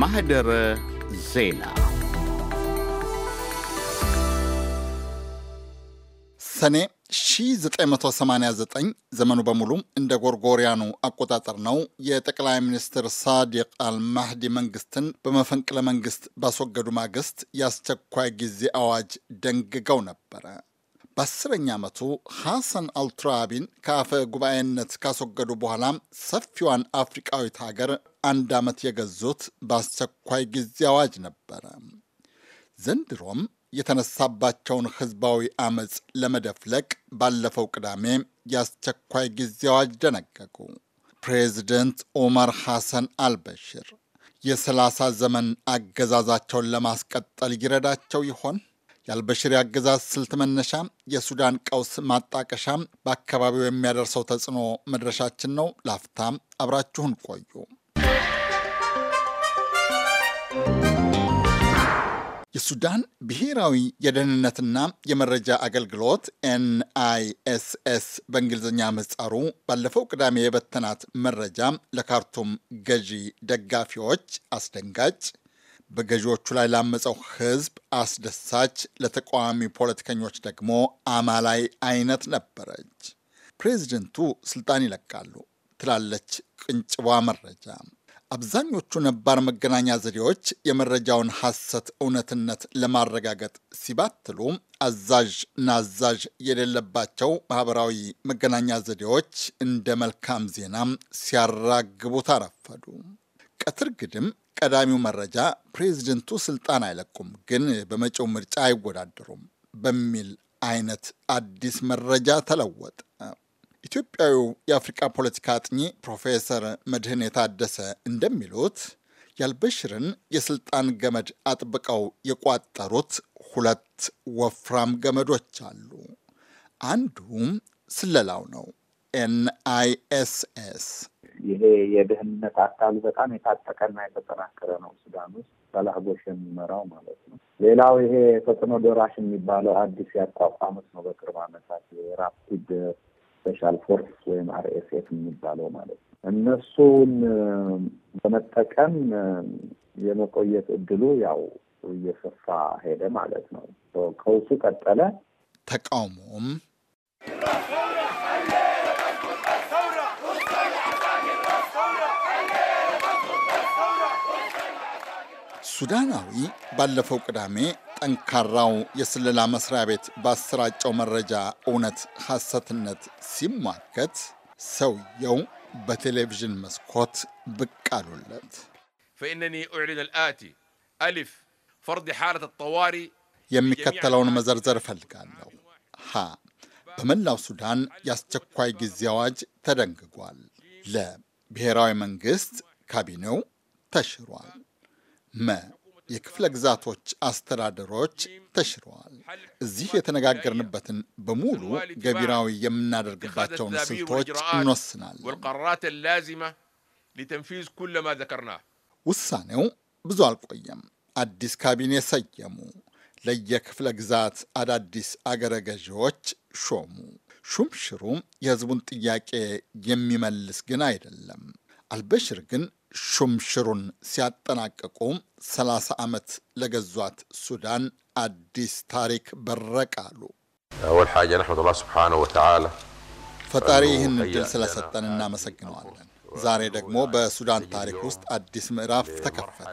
ማህደረ ዜና ሰኔ 1989 ዘመኑ በሙሉ እንደ ጎርጎሪያኑ አቆጣጠር ነው። የጠቅላይ ሚኒስትር ሳዲቅ አልማህዲ መንግስትን በመፈንቅለ መንግስት ባስወገዱ ማግስት የአስቸኳይ ጊዜ አዋጅ ደንግገው ነበረ። በአስረኛ ዓመቱ ሐሰን አልቱራቢን ከአፈ ጉባኤነት ካስወገዱ በኋላ ሰፊዋን አፍሪቃዊት ሀገር አንድ ዓመት የገዙት በአስቸኳይ ጊዜ አዋጅ ነበረ። ዘንድሮም የተነሳባቸውን ህዝባዊ አመፅ ለመደፍለቅ ባለፈው ቅዳሜ የአስቸኳይ ጊዜ አዋጅ ደነገጉ። ፕሬዚደንት ኦመር ሐሰን አልበሽር የሰላሳ ዘመን አገዛዛቸውን ለማስቀጠል ይረዳቸው ይሆን? የአልበሽር አገዛዝ ስልት መነሻ፣ የሱዳን ቀውስ ማጣቀሻ፣ በአካባቢው የሚያደርሰው ተጽዕኖ መድረሻችን ነው። ላፍታም አብራችሁን ቆዩ። የሱዳን ብሔራዊ የደህንነትና የመረጃ አገልግሎት ኤንአይኤስኤስ በእንግሊዝኛ ምህጻሩ ባለፈው ቅዳሜ የበተናት መረጃ ለካርቱም ገዢ ደጋፊዎች አስደንጋጭ በገዢዎቹ ላይ ላመፀው ህዝብ አስደሳች፣ ለተቃዋሚ ፖለቲከኞች ደግሞ አማላይ አይነት ነበረች። ፕሬዚደንቱ ስልጣን ይለቃሉ ትላለች ቅንጭቧ መረጃ። አብዛኞቹ ነባር መገናኛ ዘዴዎች የመረጃውን ሐሰት እውነትነት ለማረጋገጥ ሲባትሉ አዛዥ ናዛዥ የሌለባቸው ማህበራዊ መገናኛ ዘዴዎች እንደ መልካም ዜናም ሲያራግቡ አረፈዱ። ቀትር ግድም ቀዳሚው መረጃ ፕሬዚደንቱ ስልጣን አይለቁም፣ ግን በመጪው ምርጫ አይወዳደሩም በሚል አይነት አዲስ መረጃ ተለወጠ። ኢትዮጵያዊው የአፍሪቃ ፖለቲካ አጥኚ ፕሮፌሰር መድህን የታደሰ እንደሚሉት ያልበሽርን የስልጣን ገመድ አጥብቀው የቋጠሩት ሁለት ወፍራም ገመዶች አሉ። አንዱም ስለላው ነው፣ ኤንአይኤስኤስ ይሄ የደህንነት አካል በጣም የታጠቀና የተጠናከረ ነው። ሱዳን ውስጥ ሳላህ ጎሽ የሚመራው ማለት ነው። ሌላው ይሄ ተጽዕኖ ደራሽ የሚባለው አዲስ ያቋቋሙት ነው በቅርብ ዓመታት የራፒድ ስፔሻል ፎርስ ወይም አርኤስኤፍ የሚባለው ማለት ነው። እነሱን በመጠቀም የመቆየት እድሉ ያው እየሰፋ ሄደ ማለት ነው። ቀውሱ ቀጠለ። ተቃውሞም ሱዳናዊ ባለፈው ቅዳሜ ጠንካራው የስለላ መስሪያ ቤት ባሰራጨው መረጃ እውነት ሐሰትነት ሲሟገት ሰውየው በቴሌቪዥን መስኮት ብቅ አሉለት። ፈኢነኒ ኡዕሊን አልአቲ አሊፍ ፈርድ ሓለት ጠዋሪ የሚከተለውን መዘርዘር እፈልጋለሁ። ሀ በመላው ሱዳን የአስቸኳይ ጊዜ አዋጅ ተደንግጓል። ለብሔራዊ መንግሥት ካቢኔው ተሽሯል። መ የክፍለ ግዛቶች አስተዳደሮች ተሽረዋል። እዚህ የተነጋገርንበትን በሙሉ ገቢራዊ የምናደርግባቸውን ስልቶች እንወስናለን። ውሳኔው ብዙ አልቆየም። አዲስ ካቢኔ ሰየሙ። ለየክፍለ ግዛት አዳዲስ አገረ ገዢዎች ሾሙ። ሹምሽሩም የህዝቡን ጥያቄ የሚመልስ ግን አይደለም። አልበሽር ግን ሹምሽሩን ሲያጠናቅቁም 30 ዓመት ለገዟት ሱዳን አዲስ ታሪክ በረቅ አሉ። ፈጣሪ ይህን እድል ስለሰጠን እናመሰግነዋለን። ዛሬ ደግሞ በሱዳን ታሪክ ውስጥ አዲስ ምዕራፍ ተከፈተ።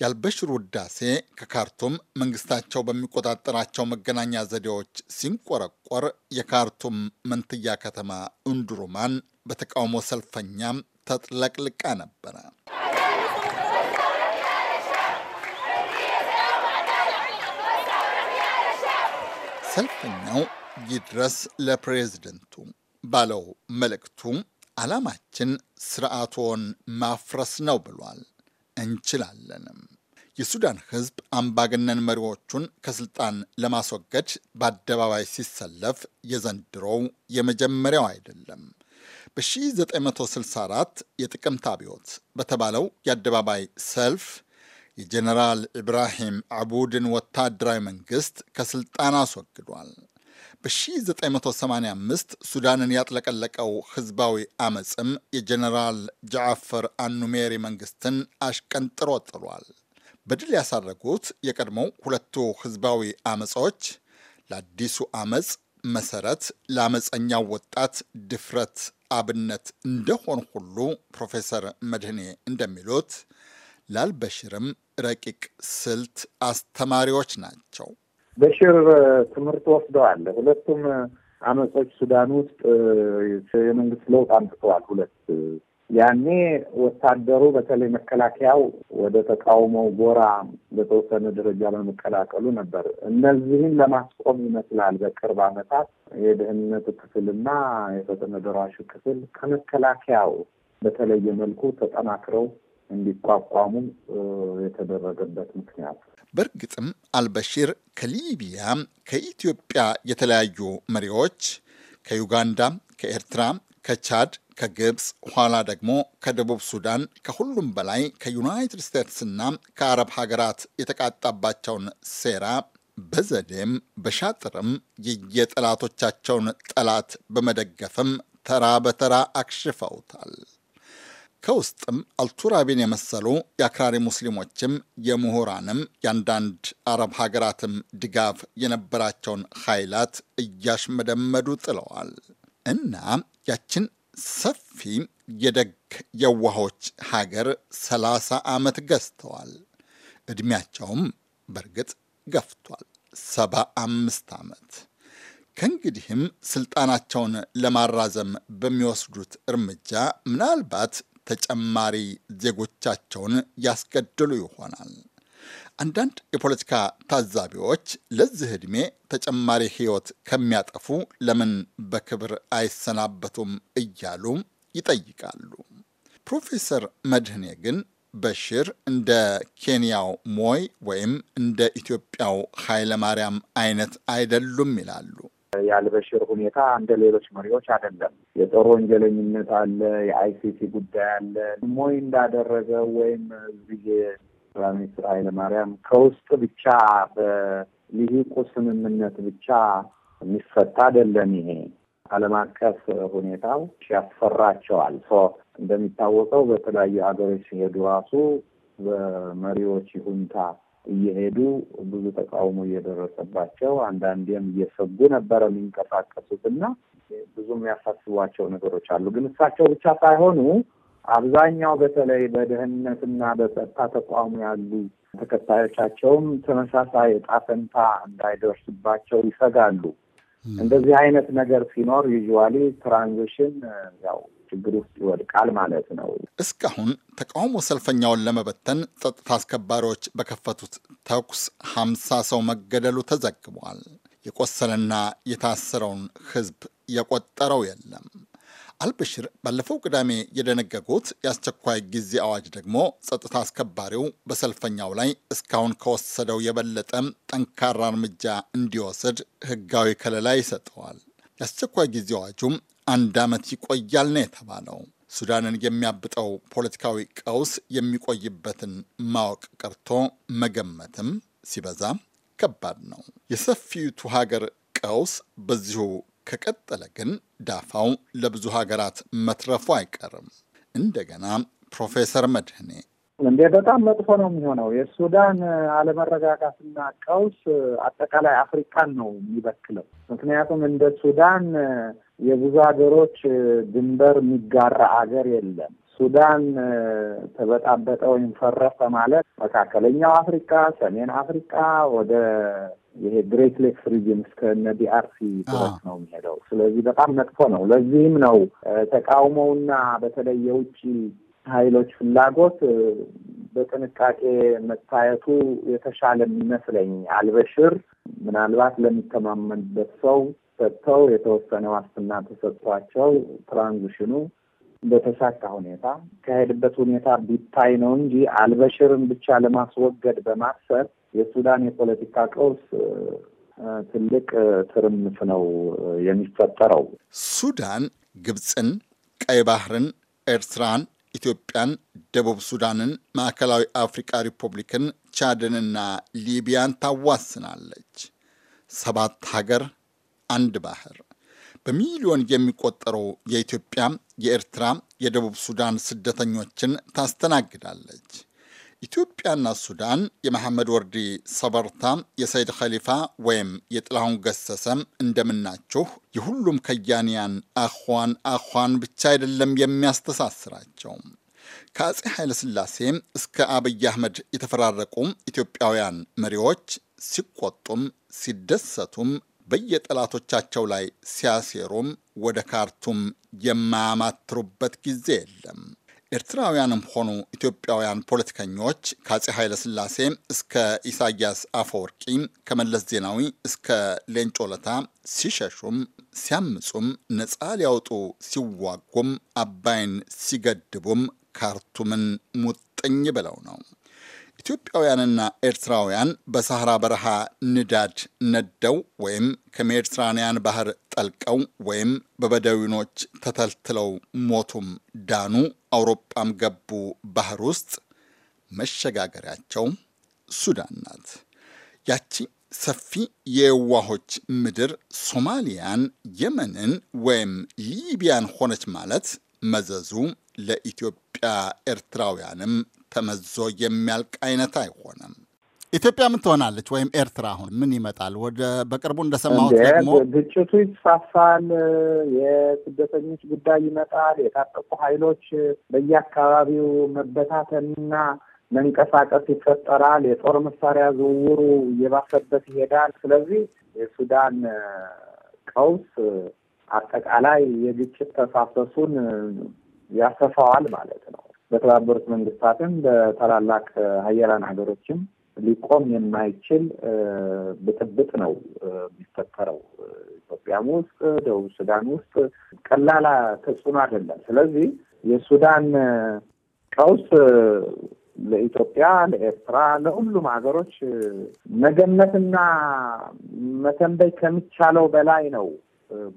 የአልበሽር ውዳሴ ከካርቱም መንግስታቸው በሚቆጣጠራቸው መገናኛ ዘዴዎች ሲንቆረቆር የካርቱም መንትያ ከተማ እንዱሩማን በተቃውሞ ሰልፈኛም ተጥለቅልቃ ነበረ። ሰልፈኛው ይድረስ ለፕሬዝደንቱ ባለው መልእክቱ ዓላማችን ስርዓቶን ማፍረስ ነው ብሏል። እንችላለንም። የሱዳን ህዝብ አምባገነን መሪዎቹን ከስልጣን ለማስወገድ በአደባባይ ሲሰለፍ የዘንድሮው የመጀመሪያው አይደለም። በ1964 የጥቅምት አብዮት በተባለው የአደባባይ ሰልፍ የጀነራል ኢብራሂም አቡድን ወታደራዊ መንግስት ከስልጣን አስወግዷል። በ1985 ሱዳንን ያጥለቀለቀው ህዝባዊ አመፅም የጀነራል ጃዕፈር አኑሜሪ መንግስትን አሽቀንጥሮ ጥሏል። በድል ያሳረጉት የቀድሞው ሁለቱ ህዝባዊ አመፆች ለአዲሱ አመፅ መሰረት ለአመፀኛው ወጣት ድፍረት አብነት እንደሆን ሁሉ ፕሮፌሰር መድህኔ እንደሚሉት ላልበሽርም ረቂቅ ስልት አስተማሪዎች ናቸው። በሽር ትምህርት ወስደዋል። ሁለቱም አመጾች ሱዳን ውስጥ የመንግስት ለውጥ አምጥተዋል። ሁለት ያኔ ወታደሩ በተለይ መከላከያው ወደ ተቃውሞው ጎራ በተወሰነ ደረጃ በመቀላቀሉ ነበር። እነዚህን ለማስቆም ይመስላል በቅርብ አመታት የደህንነቱ ክፍልና የፈጥኖ ደራሹ ክፍል ከመከላከያው በተለየ መልኩ ተጠናክረው እንዲቋቋሙ የተደረገበት ምክንያት በእርግጥም አልበሺር ከሊቢያ፣ ከኢትዮጵያ የተለያዩ መሪዎች ከዩጋንዳ፣ ከኤርትራ፣ ከቻድ፣ ከግብፅ ኋላ ደግሞ ከደቡብ ሱዳን ከሁሉም በላይ ከዩናይትድ ስቴትስና ከአረብ ሀገራት የተቃጣባቸውን ሴራ በዘዴም በሻጥርም የየጠላቶቻቸውን ጠላት በመደገፍም ተራ በተራ አክሽፈውታል። ከውስጥም አልቱራቢን የመሰሉ የአክራሪ ሙስሊሞችም የምሁራንም የአንዳንድ አረብ ሀገራትም ድጋፍ የነበራቸውን ኃይላት እያሽመደመዱ ጥለዋል እና ያችን ሰፊ የደግ የዋሆች ሀገር ሰላሳ ዓመት ገዝተዋል። ዕድሜያቸውም በእርግጥ ገፍቷል፣ ሰባ ዓመት። ከእንግዲህም ስልጣናቸውን ለማራዘም በሚወስዱት እርምጃ ምናልባት ተጨማሪ ዜጎቻቸውን ያስገድሉ ይሆናል። አንዳንድ የፖለቲካ ታዛቢዎች ለዚህ ዕድሜ ተጨማሪ ሕይወት ከሚያጠፉ ለምን በክብር አይሰናበቱም እያሉ ይጠይቃሉ። ፕሮፌሰር መድህኔ ግን በሽር እንደ ኬንያው ሞይ ወይም እንደ ኢትዮጵያው ኃይለማርያም አይነት አይደሉም ይላሉ። የአልበሽር ሁኔታ እንደ ሌሎች መሪዎች አይደለም። የጦር ወንጀለኝነት አለ፣ የአይሲሲ ጉዳይ አለ። ሞይ እንዳደረገው ወይም እዚህ ጠቅላይ ሚኒስትር ኃይለ ማርያም ከውስጥ ብቻ በልሂቁ ስምምነት ብቻ የሚፈታ አይደለም። ይሄ ዓለም አቀፍ ሁኔታው ያስፈራቸዋል። እንደሚታወቀው በተለያዩ ሀገሮች ሲሄዱ ራሱ በመሪዎች ይሁንታ እየሄዱ ብዙ ተቃውሞ እየደረሰባቸው አንዳንዴም እየሰጉ ነበር የሚንቀሳቀሱት እና ብዙ የሚያሳስቧቸው ነገሮች አሉ። ግን እሳቸው ብቻ ሳይሆኑ አብዛኛው በተለይ በደህንነትና በጸጥታ ተቋሙ ያሉ ተከታዮቻቸውም ተመሳሳይ እጣ ፈንታ እንዳይደርስባቸው ይሰጋሉ። እንደዚህ አይነት ነገር ሲኖር ዩዥዋሊ ትራንዚሽን ያው ችግር ውስጥ ይወድቃል ማለት ነው። እስካሁን ተቃውሞ ሰልፈኛውን ለመበተን ጸጥታ አስከባሪዎች በከፈቱት ተኩስ ሀምሳ ሰው መገደሉ ተዘግቧል። የቆሰለና የታሰረውን ህዝብ የቆጠረው የለም። አልበሽር ባለፈው ቅዳሜ የደነገጉት የአስቸኳይ ጊዜ አዋጅ ደግሞ ጸጥታ አስከባሪው በሰልፈኛው ላይ እስካሁን ከወሰደው የበለጠ ጠንካራ እርምጃ እንዲወስድ ህጋዊ ከለላ ይሰጠዋል። የአስቸኳይ ጊዜ አዋጁም አንድ ዓመት ይቆያል ነው የተባለው። ሱዳንን የሚያብጠው ፖለቲካዊ ቀውስ የሚቆይበትን ማወቅ ቀርቶ መገመትም ሲበዛ ከባድ ነው። የሰፊቱ ሀገር ቀውስ በዚሁ ከቀጠለ ግን ዳፋው ለብዙ ሀገራት መትረፉ አይቀርም። እንደገና ፕሮፌሰር መድህኔ እንዴ በጣም መጥፎ ነው የሚሆነው። የሱዳን አለመረጋጋትና ቀውስ አጠቃላይ አፍሪካን ነው የሚበክለው። ምክንያቱም እንደ ሱዳን የብዙ ሀገሮች ድንበር የሚጋራ ሀገር የለም። ሱዳን ተበጣበጠ ወይም ፈረሰ ማለት መካከለኛው አፍሪካ፣ ሰሜን አፍሪካ ወደ ይሄ ግሬት ሌክስ ሪጅን እስከ እነ ዲአርሲ ድረስ ነው የሚሄደው። ስለዚህ በጣም መጥፎ ነው። ለዚህም ነው ተቃውሞውና በተለይ የውጭ ኃይሎች ፍላጎት በጥንቃቄ መታየቱ የተሻለ የሚመስለኝ አልበሽር ምናልባት ለሚተማመንበት ሰው ሰጥተው የተወሰነ ዋስትና ተሰጥቷቸው ትራንዚሽኑ በተሳካ ሁኔታ ከሄድበት ሁኔታ ቢታይ ነው እንጂ አልበሽርን ብቻ ለማስወገድ በማሰብ የሱዳን የፖለቲካ ቀውስ ትልቅ ትርምፍ ነው የሚፈጠረው። ሱዳን ግብፅን፣ ቀይ ባህርን፣ ኤርትራን፣ ኢትዮጵያን፣ ደቡብ ሱዳንን፣ ማዕከላዊ አፍሪካ ሪፑብሊክን፣ ቻድንና ሊቢያን ታዋስናለች። ሰባት ሀገር አንድ ባህር በሚሊዮን የሚቆጠረው የኢትዮጵያ፣ የኤርትራ፣ የደቡብ ሱዳን ስደተኞችን ታስተናግዳለች። ኢትዮጵያና ሱዳን የመሐመድ ወርዲ ሰበርታ፣ የሰይድ ኸሊፋ ወይም የጥላሁን ገሰሰም እንደምናችሁ የሁሉም ከያንያን አኳን አኳን ብቻ አይደለም የሚያስተሳስራቸው። ከአጼ ኃይለሥላሴ እስከ አብይ አህመድ የተፈራረቁ ኢትዮጵያውያን መሪዎች ሲቆጡም ሲደሰቱም በየጠላቶቻቸው ላይ ሲያሴሩም ወደ ካርቱም የማያማትሩበት ጊዜ የለም። ኤርትራውያንም ሆኑ ኢትዮጵያውያን ፖለቲከኞች ከአጼ ኃይለሥላሴ እስከ ኢሳያስ አፈወርቂ ከመለስ ዜናዊ እስከ ሌንጮ ለታ ሲሸሹም ሲያምጹም፣ ነፃ ሊያወጡ ሲዋጉም፣ አባይን ሲገድቡም ካርቱምን ሙጥኝ ብለው ነው። ኢትዮጵያውያንና ኤርትራውያን በሳህራ በረሃ ንዳድ ነደው ወይም ከሜዲትራንያን ባህር ጠልቀው ወይም በበደዊኖች ተተልትለው ሞቱም ዳኑ፣ አውሮጳም ገቡ ባህር ውስጥ መሸጋገሪያቸው ሱዳን ናት። ያቺ ሰፊ የዋሆች ምድር ሶማሊያን፣ የመንን ወይም ሊቢያን ሆነች ማለት መዘዙ ለኢትዮጵያ ኤርትራውያንም ተመዞ የሚያልቅ አይነት አይሆንም። ኢትዮጵያ ምን ትሆናለች? ወይም ኤርትራ አሁን ምን ይመጣል? ወደ በቅርቡ እንደሰማሁት ደግሞ ግጭቱ ይስፋፋል፣ የስደተኞች ጉዳይ ይመጣል፣ የታጠቁ ኃይሎች በየአካባቢው መበታተንና መንቀሳቀስ ይፈጠራል፣ የጦር መሳሪያ ዝውውሩ እየባሰበት ይሄዳል። ስለዚህ የሱዳን ቀውስ አጠቃላይ የግጭት ተፋሰሱን ያሰፋዋል ማለት ነው። በተባበሩት መንግስታትም በታላላቅ ሀያላን ሀገሮችም ሊቆም የማይችል ብጥብጥ ነው የሚፈጠረው። ኢትዮጵያም ውስጥ፣ ደቡብ ሱዳን ውስጥ ቀላላ ተጽዕኖ አይደለም። ስለዚህ የሱዳን ቀውስ ለኢትዮጵያ፣ ለኤርትራ፣ ለሁሉም ሀገሮች መገመትና መተንበይ ከሚቻለው በላይ ነው።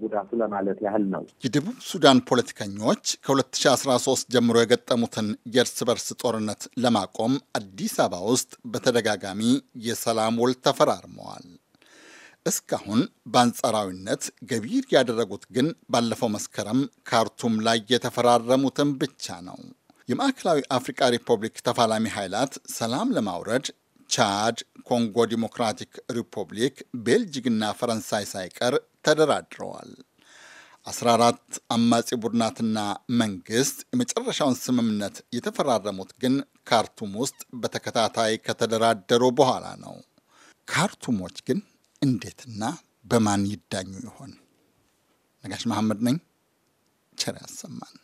ጉዳቱ ለማለት ያህል ነው። የደቡብ ሱዳን ፖለቲከኞች ከ2013 ጀምሮ የገጠሙትን የእርስ በርስ ጦርነት ለማቆም አዲስ አበባ ውስጥ በተደጋጋሚ የሰላም ውል ተፈራርመዋል። እስካሁን በአንጻራዊነት ገቢር ያደረጉት ግን ባለፈው መስከረም ካርቱም ላይ የተፈራረሙትን ብቻ ነው። የማዕከላዊ አፍሪካ ሪፐብሊክ ተፋላሚ ኃይላት ሰላም ለማውረድ ቻድ፣ ኮንጎ ዲሞክራቲክ ሪፐብሊክ፣ ቤልጂግና ፈረንሳይ ሳይቀር ተደራድረዋል። 14 አማጺ ቡድናትና መንግስት የመጨረሻውን ስምምነት የተፈራረሙት ግን ካርቱም ውስጥ በተከታታይ ከተደራደሩ በኋላ ነው። ካርቱሞች ግን እንዴትና በማን ይዳኙ ይሆን? ነጋሽ መሐመድ ነኝ። ቸር ያሰማን።